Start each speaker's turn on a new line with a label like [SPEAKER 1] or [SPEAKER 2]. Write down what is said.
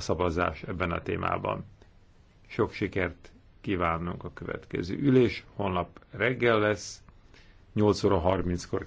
[SPEAKER 1] a szavazás ebben a témában. Sok sikert kívánunk a következő ülés. Holnap reggel lesz, 8 óra 30-kor